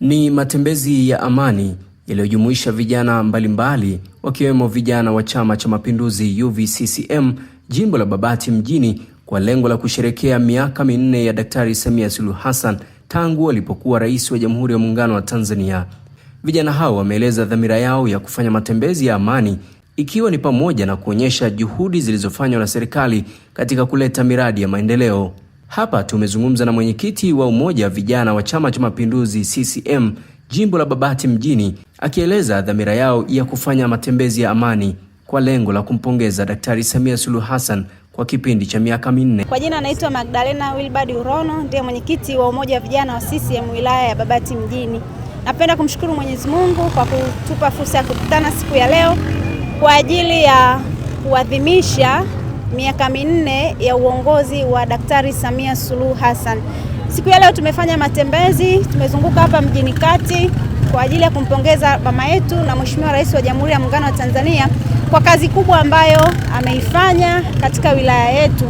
Ni matembezi ya amani yaliyojumuisha vijana mbalimbali wakiwemo vijana wa Chama cha Mapinduzi UVCCM jimbo la Babati mjini kwa lengo la kusherekea miaka minne ya Daktari Samia Suluhu Hassan tangu alipokuwa rais wa Jamhuri ya Muungano wa Tanzania. Vijana hao wameeleza dhamira yao ya kufanya matembezi ya amani ikiwa ni pamoja na kuonyesha juhudi zilizofanywa na serikali katika kuleta miradi ya maendeleo. Hapa tumezungumza na mwenyekiti wa Umoja wa Vijana wa Chama cha Mapinduzi CCM jimbo la Babati mjini akieleza dhamira yao ya kufanya matembezi ya amani kwa lengo la kumpongeza Daktari Samia Suluhu Hassan kwa kipindi cha miaka minne. Kwa jina anaitwa Magdalena Wilbard Urono, ndiye mwenyekiti wa Umoja wa Vijana wa CCM wilaya ya Babati mjini. Napenda kumshukuru Mwenyezi Mungu kwa kutupa fursa ya kukutana siku ya leo kwa ajili ya kuadhimisha miaka minne ya uongozi wa Daktari Samia Suluhu Hassan. Siku ya leo tumefanya matembezi, tumezunguka hapa mjini kati kwa ajili ya kumpongeza mama yetu na Mheshimiwa Rais wa Jamhuri ya Muungano wa Tanzania kwa kazi kubwa ambayo ameifanya katika wilaya yetu.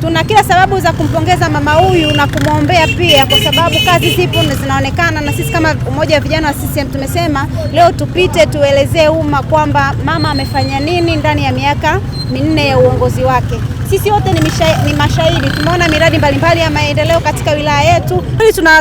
Tuna kila sababu za kumpongeza mama huyu na kumwombea pia, kwa sababu kazi zipo zinaonekana, na sisi kama umoja wa vijana wa CCM tumesema leo tupite tuelezee umma kwamba mama amefanya nini ndani ya miaka minne ya uongozi wake. Sisi wote ni, ni mashahidi, tumeona miradi mbalimbali ya maendeleo katika wilaya yetu.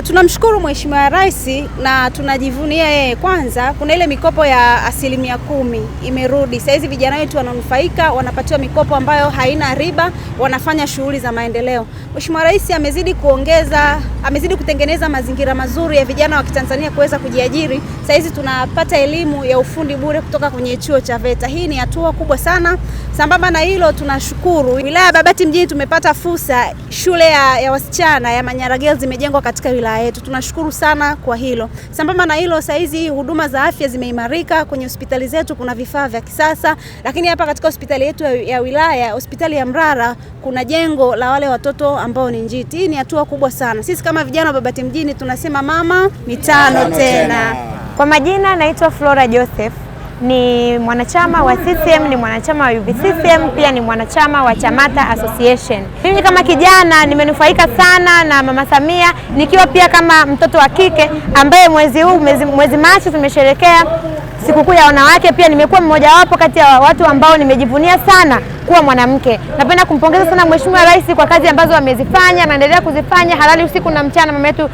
Tunamshukuru tuna Mheshimiwa Rais na tunajivunia yeye. Kwanza kuna ile mikopo ya asilimia kumi imerudi, sahizi hizi vijana wetu wananufaika, wanapatiwa mikopo ambayo haina riba, wanafanya shughuli za maendeleo. Mheshimiwa Rais amezidi kuongeza, amezidi kutengeneza mazingira mazuri ya vijana wa Kitanzania kuweza kujiajiri. sahizi hizi tunapata elimu ya ufundi bure kutoka kwenye chuo cha VETA. Hii ni hatua kubwa sana sambamba Sambamba na hilo, tunashukuru wilaya ya Babati mjini tumepata fursa, shule ya, ya wasichana ya Manyara Girls zimejengwa katika wilaya yetu. Tunashukuru sana kwa hilo. Sambamba na hilo, saizi huduma za afya zimeimarika kwenye hospitali zetu, kuna vifaa vya kisasa, lakini hapa katika hospitali yetu ya, ya wilaya, hospitali ya Mrara, kuna jengo la wale watoto ambao ni njiti. Hii ni hatua kubwa sana. Sisi kama vijana wa Babati mjini tunasema mama mitano tena. Kwa majina naitwa Flora Joseph ni mwanachama wa CCM, ni mwanachama wa UVCCM, pia ni mwanachama wa Chamata Association. Mimi kama kijana nimenufaika sana na Mama Samia, nikiwa pia kama mtoto wa kike ambaye mwezi huu mwezi, mwezi Machi tumesherekea sikukuu ya wanawake. Pia nimekuwa mmojawapo kati ya watu ambao nimejivunia sana kuwa mwanamke. Napenda kumpongeza sana Mheshimiwa Rais kwa kazi ambazo amezifanya, anaendelea kuzifanya halali usiku na mchana, mama yetu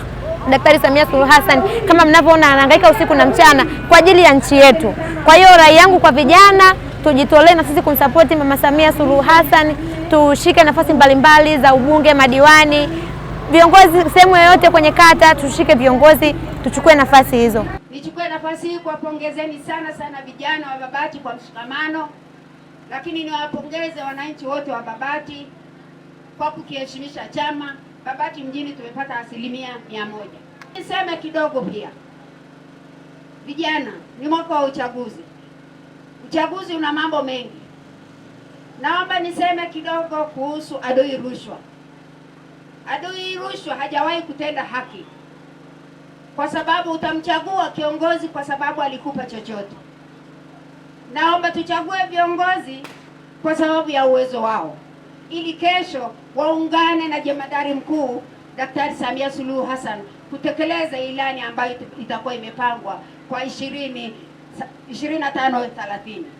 Daktari Samia Suluhu Hassan, kama mnavyoona, anahangaika usiku na mchana kwa ajili ya nchi yetu. Kwa hiyo rai yangu kwa vijana, tujitolee na sisi kumsapoti Mama Samia Suluhu Hassan, tushike nafasi mbalimbali za ubunge, madiwani, viongozi sehemu yoyote kwenye kata, tushike viongozi, tuchukue nafasi hizo. Nichukue nafasi hii kuwapongezeni sana sana vijana wa Babati kwa mshikamano, lakini niwapongeze wananchi wote wa Babati kwa kukiheshimisha chama Babati mjini tumepata asilimia mia moja. Niseme kidogo pia, vijana, ni mwaka wa uchaguzi. Uchaguzi una mambo mengi, naomba niseme kidogo kuhusu adui rushwa. Adui rushwa hajawahi kutenda haki, kwa sababu utamchagua kiongozi kwa sababu alikupa chochote. Naomba tuchague viongozi kwa sababu ya uwezo wao ili kesho waungane na jemadari mkuu Daktari Samia Suluhu Hassan kutekeleza ilani ambayo itakuwa imepangwa kwa 20 25 30.